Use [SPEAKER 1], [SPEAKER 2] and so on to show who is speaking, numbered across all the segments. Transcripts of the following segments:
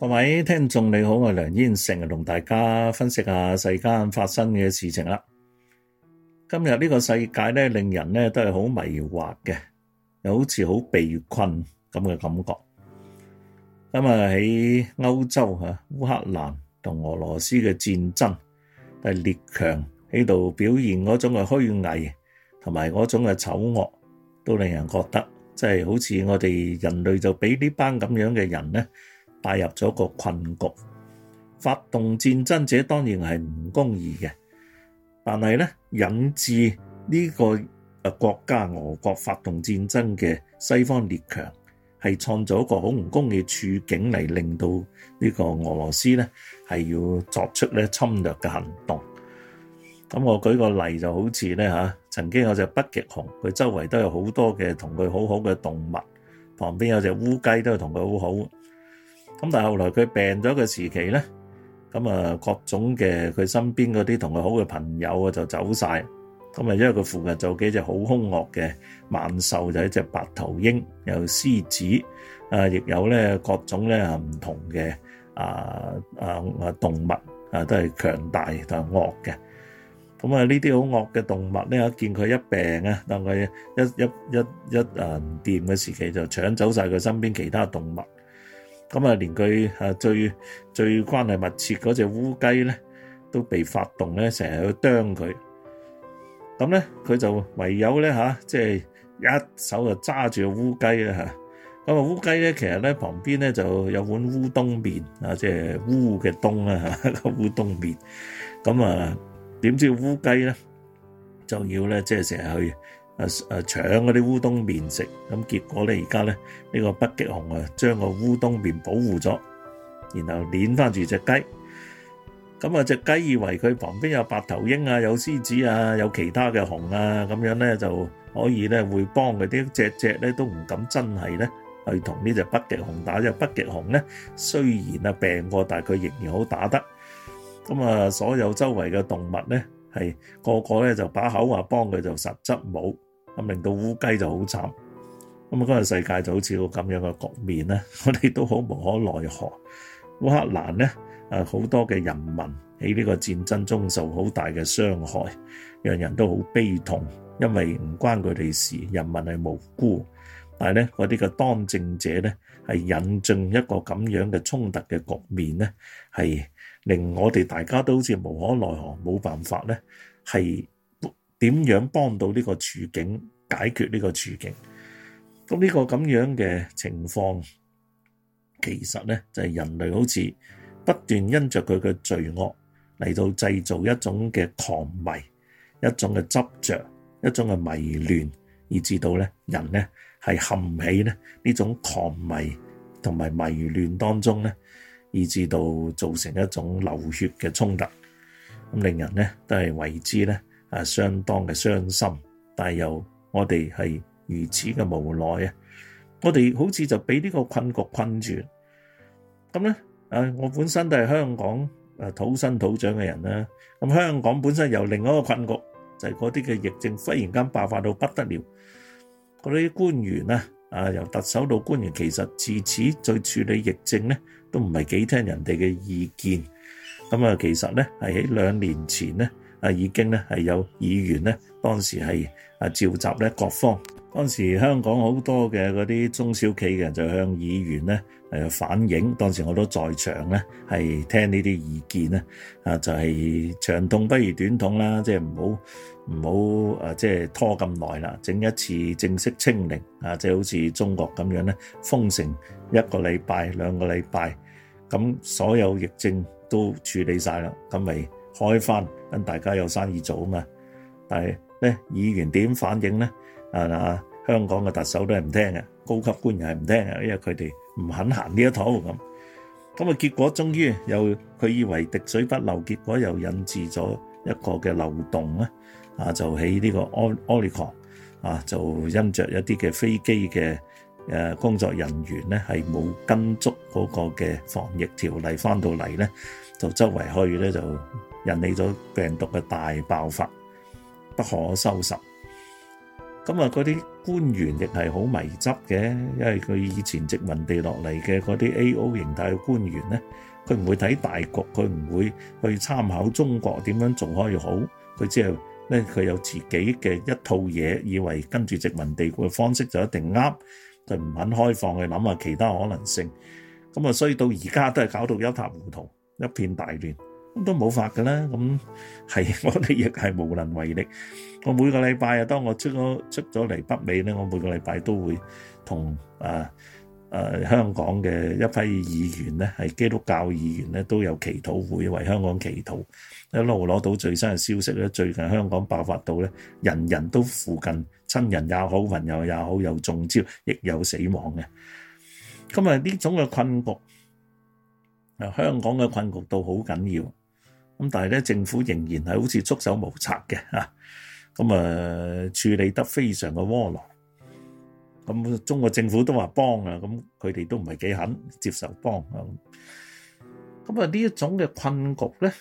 [SPEAKER 1] 各位聽眾你好，我係梁煙成，成日同大家分析下世間發生嘅事情啦。今日呢個世界咧，令人咧都係好迷惑嘅，又好似好被困咁嘅感覺。今日喺歐洲吓啊烏克蘭同俄羅斯嘅戰爭，係列強喺度表現嗰種嘅虛偽，同埋嗰種嘅醜惡，都令人覺得，即係好似我哋人類就俾呢班咁樣嘅人咧。帶入咗個困局，發動戰爭者當然係唔公義嘅，但係咧引致呢個誒國家俄國發動戰爭嘅西方列強，係創造一個好唔公義嘅處境嚟，令到呢個俄羅斯咧係要作出咧侵略嘅行動。咁我舉個例就好似咧嚇，曾經有隻北極熊，佢周圍都有好多嘅同佢好好嘅動物，旁邊有隻烏雞都係同佢好好。咁但係後來佢病咗嘅時期咧，咁啊各種嘅佢身邊嗰啲同佢好嘅朋友啊就走曬。咁啊，因為佢附近就幾隻好兇惡嘅猛獸，就係一隻白頭鷹，有獅子，啊亦有咧各種咧唔同嘅啊啊啊動物啊都係強大同惡嘅。咁啊呢啲好惡嘅動物咧，見佢一病啊，但佢一一一一啊唔掂嘅時期，就搶走曬佢身邊其他動物。咁啊，連佢嚇最最關係密切嗰隻烏雞咧，都被發動咧，成日去啄佢。咁咧，佢就唯有咧嚇，即係一手就揸住個烏雞啊嚇。咁啊，烏雞咧，其實咧，旁邊咧就有碗烏冬麵啊，即係烏嘅冬啊，個烏冬麵。咁啊，點知烏雞咧就要咧，即係成日去。誒誒搶嗰啲烏冬麵食，咁結果咧而家咧，呢個北極熊啊，將個烏冬麵保護咗，然後攆翻住隻雞。咁啊，隻雞以為佢旁邊有白頭鷹啊，有獅子啊，有其他嘅熊啊，咁樣咧就可以咧會幫佢啲隻隻咧都唔敢真係咧去同呢隻北極熊打，因為北極熊咧雖然啊病過，但係佢仍然好打得。咁啊，所有周圍嘅動物咧係個個咧就把口話幫佢，就實質冇。咁令到烏雞就好慘，咁啊嗰個世界就好似個咁樣嘅局面咧，我哋都好無可奈何。烏克蘭咧啊，好多嘅人民喺呢個戰爭中受好大嘅傷害，讓人都好悲痛，因為唔關佢哋事，人民係無辜，但係咧嗰啲嘅當政者咧係引進一個咁樣嘅衝突嘅局面咧，係令我哋大家都好似無可奈何，冇辦法咧，係。點樣幫到呢個處境，解決呢個處境？咁呢個咁樣嘅情況，其實咧就係人類好似不斷因著佢嘅罪惡嚟到製造一種嘅狂迷，一種嘅執着，一種嘅迷亂，以至到咧人咧係陷喺咧呢種狂迷同埋迷亂當中咧，以至到造成一種流血嘅衝突，咁令人咧都係為之咧。啊，相當嘅傷心，但係又我哋係如此嘅無奈啊！我哋好似就俾呢個困局困住。咁咧，啊，我本身都係香港啊土生土長嘅人啦。咁香港本身由另一個困局，就係嗰啲嘅疫症忽然間爆發到不得了。嗰啲官員啊，啊，由特首到官員，其實自此在處理疫症咧，都唔係幾聽人哋嘅意見。咁啊，其實咧係喺兩年前咧。啊，已經咧係有議員咧，當時係啊召集咧各方。當時香港好多嘅嗰啲中小企嘅人就向議員咧誒反映。當時我都在場咧，係聽呢啲意見咧。啊，就係、是、長痛不如短痛啦，即係唔好唔好誒，即係拖咁耐啦。整一次正式清零啊，即係好似中國咁樣咧，封城一個禮拜兩個禮拜，咁所有疫症都處理晒啦，咁咪。開翻，咁大家有生意做啊嘛！但係咧，議員點反應咧？啊啊！香港嘅特首都係唔聽嘅，高級官員係唔聽嘅，因為佢哋唔肯行呢一套咁。咁啊，結果終於又佢以為滴水不漏，結果又引致咗一個嘅漏洞咧。啊，就喺呢個安奧利康啊，就因著一啲嘅飛機嘅誒工作人員咧係冇跟足嗰個嘅防疫條例翻到嚟咧，就周圍去咧就。引起咗病毒嘅大爆發，不可收拾。咁啊，嗰啲官員亦係好迷執嘅，因為佢以前殖民地落嚟嘅嗰啲 AO 形態嘅官員咧，佢唔會睇大局，佢唔會去參考中國點樣做可以好，佢只係咧佢有自己嘅一套嘢，以為跟住殖民地嘅方式就一定啱，就唔肯開放去諗下其他可能性。咁啊，所以到而家都係搞到一塌糊塗，一片大亂。都冇法㗎啦，咁係我哋亦係無能為力。我每個禮拜啊，當我出咗出咗嚟北美咧，我每個禮拜都會同啊啊香港嘅一批議員咧，係基督教議員咧，都有祈禱會為香港祈禱。一路攞到最新嘅消息咧，最近香港爆發到咧，人人都附近親人也好，朋友也好，又中招，亦有死亡嘅。咁啊，呢種嘅困局啊，香港嘅困局都好緊要。咁但係咧，政府仍然係好似束手無策嘅吓，咁啊處理得非常嘅窩囊。咁中國政府都話幫啊，咁佢哋都唔係幾肯接受幫啊。咁啊呢一種嘅困局咧，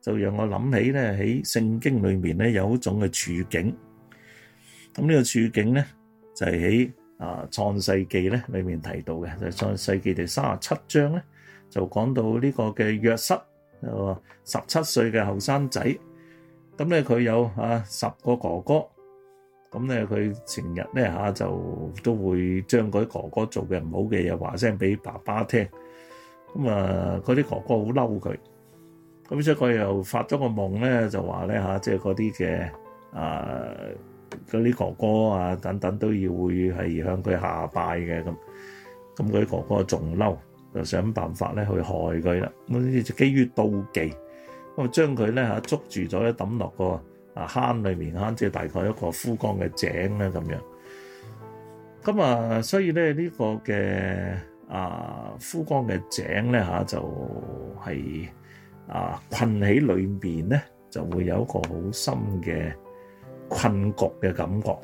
[SPEAKER 1] 就讓我諗起咧喺聖經裏面咧有一種嘅處境。咁呢個處境咧就係喺啊創世記咧裏面提到嘅，就係創世記第三十七章咧就講到呢個嘅約瑟。係十七歲嘅後生仔，咁咧佢有啊十個哥哥，咁咧佢成日咧吓就都會將嗰啲哥哥做嘅唔好嘅嘢話聲俾爸爸聽，咁啊嗰啲哥哥好嬲佢，咁所以佢又發咗個夢咧，就話咧吓即係嗰啲嘅啊嗰啲哥哥啊等等都要會係向佢下拜嘅咁，咁嗰啲哥哥仲嬲。就想辦法咧去害佢啦，咁呢啲就基於妒忌，咁啊將佢咧嚇捉住咗，抌落個啊坑裏面，坑即係大概一個枯乾嘅井咧咁樣。咁啊，所以咧呢個嘅啊枯乾嘅井咧嚇就係啊困喺裏面咧，就會有一個好深嘅困局嘅感覺。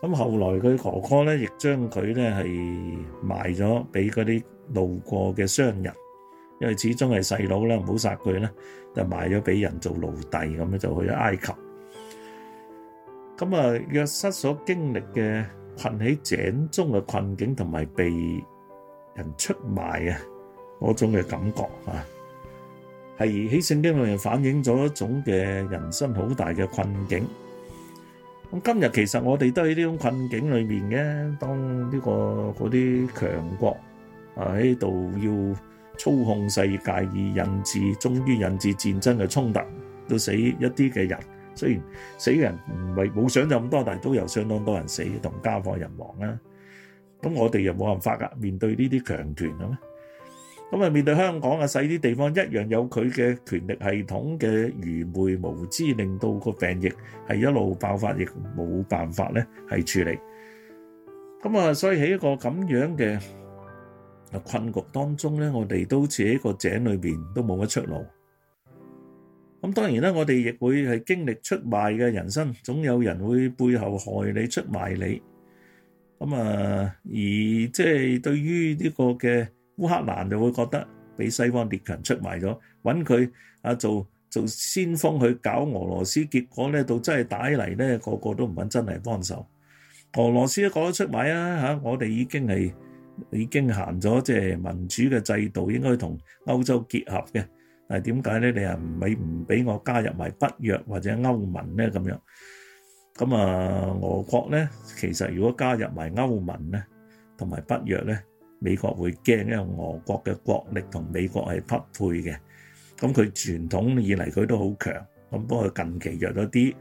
[SPEAKER 1] 咁後來佢哥哥咧，亦將佢咧係賣咗俾嗰啲路過嘅商人，因為始終係細佬啦，唔好殺佢啦。就賣咗俾人做奴隸，咁樣就去咗埃及。咁啊，約瑟所經歷嘅困喺井中嘅困境，同埋被人出賣啊，嗰種嘅感覺啊，係喺聖經裏面反映咗一種嘅人生好大嘅困境。咁今日其實我哋都喺呢種困境裏面嘅，當呢個嗰啲強國啊喺度要操控世界，而引致終於引致戰爭嘅衝突，都死一啲嘅人。雖然死嘅人唔係冇想像咁多，但係都有相當多人死同家破人亡啦。咁我哋又冇辦法㗎，面對呢啲強權嘅咩？咁啊，面對香港啊，細啲地方一樣有佢嘅權力系統嘅愚昧無知，令到個病疫係一路爆發，亦冇辦法呢係處理。咁啊，所以喺一個咁樣嘅困局當中呢，我哋都似喺個井裏邊，都冇乜出路。咁當然啦，我哋亦會係經歷出賣嘅人生，總有人會背後害你、出賣你。咁啊，而即係對於呢個嘅。烏克蘭就會覺得俾西方列強出賣咗，揾佢啊做做先鋒去搞俄羅斯，結果咧到真係打起嚟咧，個個都唔肯真係幫手。俄羅斯都覺得出賣啊嚇！我哋已經係已經行咗即係民主嘅制度，應該同歐洲結合嘅。但係點解咧？你係唔係唔俾我加入埋北約或者歐盟咧咁樣？咁啊，俄國咧其實如果加入埋歐盟咧，同埋北約咧。美國會驚，因為俄國嘅國力同美國係匹配嘅。咁佢傳統以嚟佢都好強，咁不過佢近期弱咗啲。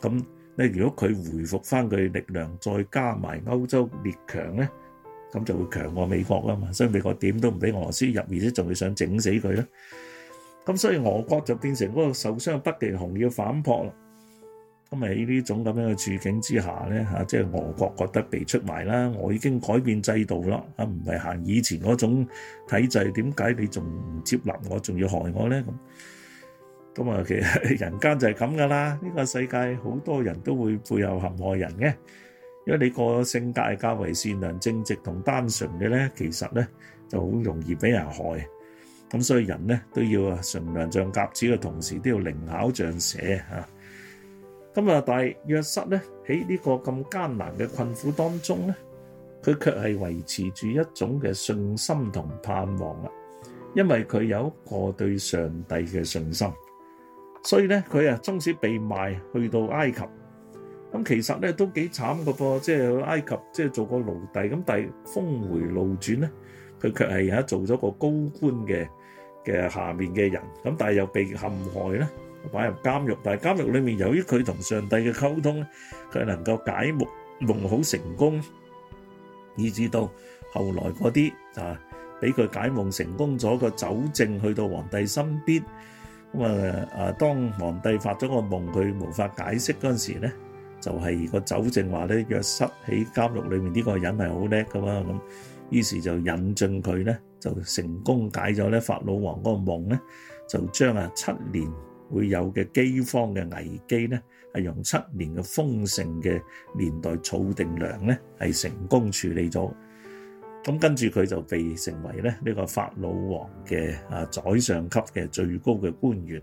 [SPEAKER 1] 咁你如果佢回復翻佢力量，再加埋歐洲列強咧，咁就會強過美國啊嘛。所以美國點都唔俾俄羅斯入，而且仲會想整死佢咧。咁所以俄國就變成嗰個受傷北極熊要反撲啦。喺呢種咁樣嘅處境之下咧，嚇，即係俄國覺得被出賣啦。我已經改變制度啦，嚇，唔係行以前嗰種體制。點解你仲唔接納我，仲要害我咧？咁咁啊，其實人間就係咁噶啦。呢個世界好多人都會背後陷害人嘅，因為你個性格係較為善良正直同單純嘅咧，其實咧就好容易俾人害。咁所以人咧都要啊，馴良像鴿子嘅同時，都要靈巧像蛇嚇。咁啊！但係約瑟咧喺呢個咁艱難嘅困苦當中咧，佢卻係維持住一種嘅信心同盼望啦，因為佢有一個對上帝嘅信心。所以咧，佢啊，終始被賣去到埃及。咁其實咧都幾慘嘅噃，即係去埃及即係做個奴隸。咁但係峰回路轉咧，佢卻係而家做咗個高官嘅嘅下面嘅人。咁但係又被陷害咧。擺入監獄，但係監獄裡面，由於佢同上帝嘅溝通，佢係能夠解夢夢好成功，以至到後來嗰啲啊，俾佢解夢成功咗，個酒政去到皇帝身邊咁啊啊！當皇帝發咗個夢，佢無法解釋嗰陣時咧，就係個酒政話咧，若瑟喺監獄裡面呢個人係好叻㗎嘛咁，於是就引進佢咧，就成功解咗咧法老王嗰個夢咧，就將啊七年。會有嘅饑荒嘅危機咧，係用七年嘅豐盛嘅年代儲定糧咧，係成功處理咗。咁跟住佢就被成為咧呢個法老王嘅啊宰相級嘅最高嘅官員。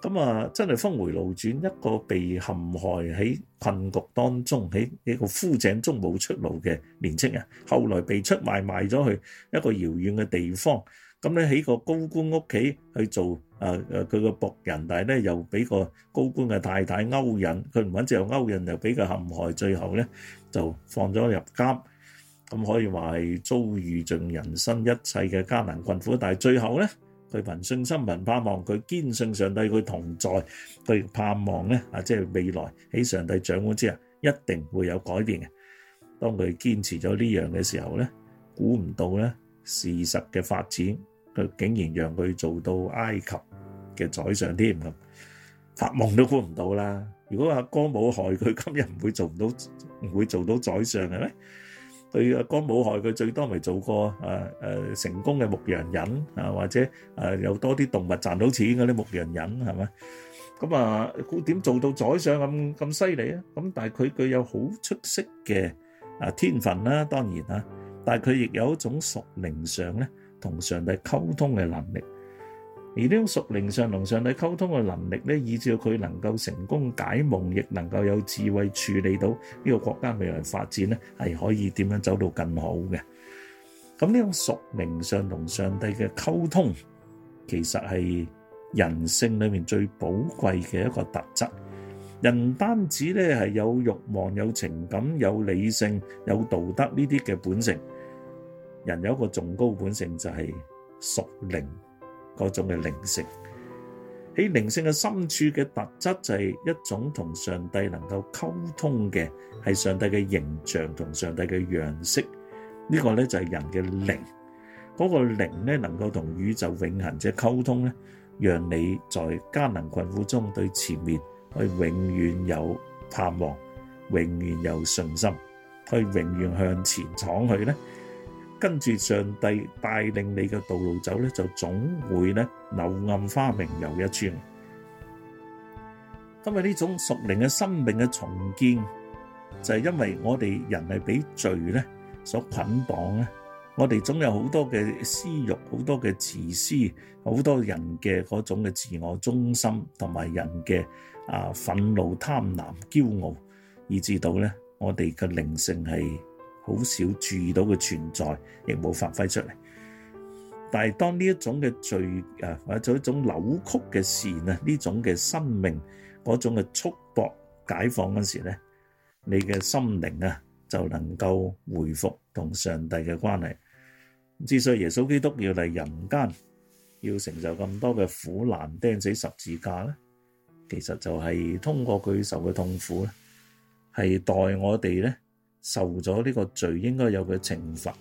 [SPEAKER 1] 咁啊，真係峰回路轉，一個被陷害喺困局當中喺呢個枯井中冇出路嘅年輕人，後來被出賣賣咗去一個遙遠嘅地方。咁咧喺個高官屋企去做。誒誒，佢個僕人，但係咧又俾個高官嘅太太勾引，佢唔穩陣又勾引，又俾佢陷害，最後咧就放咗入監。咁可以話係遭遇盡人生一切嘅艱難困苦，但係最後咧，佢憑信心憑盼望，佢堅信上帝佢同在，佢盼望咧啊，即係未來喺上帝掌管之下一定會有改變嘅。當佢堅持咗呢樣嘅時候咧，估唔到咧事實嘅發展，佢竟然讓佢做到埃及。嘅宰相添咁，發夢都估唔到啦！如果阿哥冇害佢，今日唔會做唔到，唔會做到宰相嘅咩？對阿哥冇害佢，最多咪做過誒誒成功嘅牧羊人啊，或者誒有多啲動物賺到錢嗰啲牧羊人係咪？咁啊，佢點做到宰相咁咁犀利啊？咁但係佢佢有好出色嘅啊天份啦，當然啊，但係佢亦有一種屬靈上咧同上帝溝通嘅能力。而呢種屬靈上同上帝溝通嘅能力咧，以至佢能夠成功解夢，亦能夠有智慧處理到呢個國家未來發展咧，係可以點樣走到更好嘅。咁呢種屬靈上同上帝嘅溝通，其實係人性裏面最寶貴嘅一個特質。人唔單止咧係有慾望、有情感、有理性、有道德呢啲嘅本性，人有一個仲高本性就係屬靈。各種嘅靈性，喺靈性嘅深處嘅特質就係一種同上帝能夠溝通嘅，係上帝嘅形象同上帝嘅樣式。呢個咧就係人嘅靈，嗰個靈咧能夠同宇宙永恆者溝通咧，讓你在艱難困苦中對前面去永遠有盼望，永遠有信心，去永遠向前闖去咧。跟住上帝帶領你嘅道路走咧，就總會咧柳暗花明又一村。今日呢種屬靈嘅生命嘅重建，就係因為我哋人係俾罪咧所捆綁咧，我哋總有好多嘅私欲，好多嘅自私，好多人嘅嗰種嘅自我中心，同埋人嘅啊憤怒、貪婪、驕傲，以致到咧我哋嘅靈性係。好少注意到嘅存在，亦冇發揮出嚟。受咗呢個罪，應該有嘅懲罰，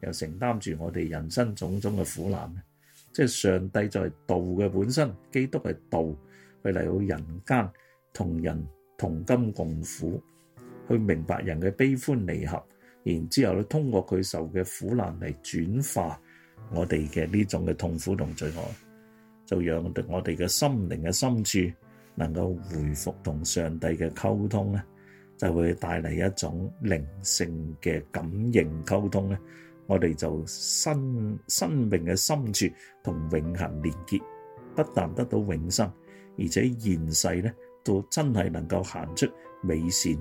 [SPEAKER 1] 又承擔住我哋人生種種嘅苦難。即係上帝就係道嘅本身，基督係道，佢嚟到人間，同人同甘共苦，去明白人嘅悲歡離合。然之後咧，通過佢受嘅苦難嚟轉化我哋嘅呢種嘅痛苦同罪惡，就讓我哋嘅心靈嘅深處能夠回復同上帝嘅溝通咧。就會帶嚟一種靈性嘅感應溝通呢。我哋就喺生命嘅深處同永恆連結，不但得到永生，而且現世呢都真係能夠行出美善、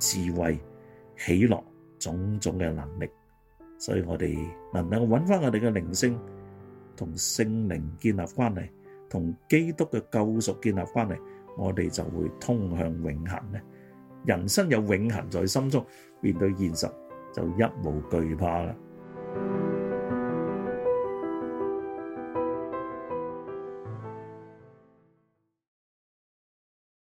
[SPEAKER 1] 智慧、喜樂種種嘅能力。所以我哋能夠揾返我哋嘅靈性同聖靈建立關係，同基督嘅救贖建立關係，我哋就會通向永恆呢。人生有永恆在心中，面對現實就一無懼怕啦。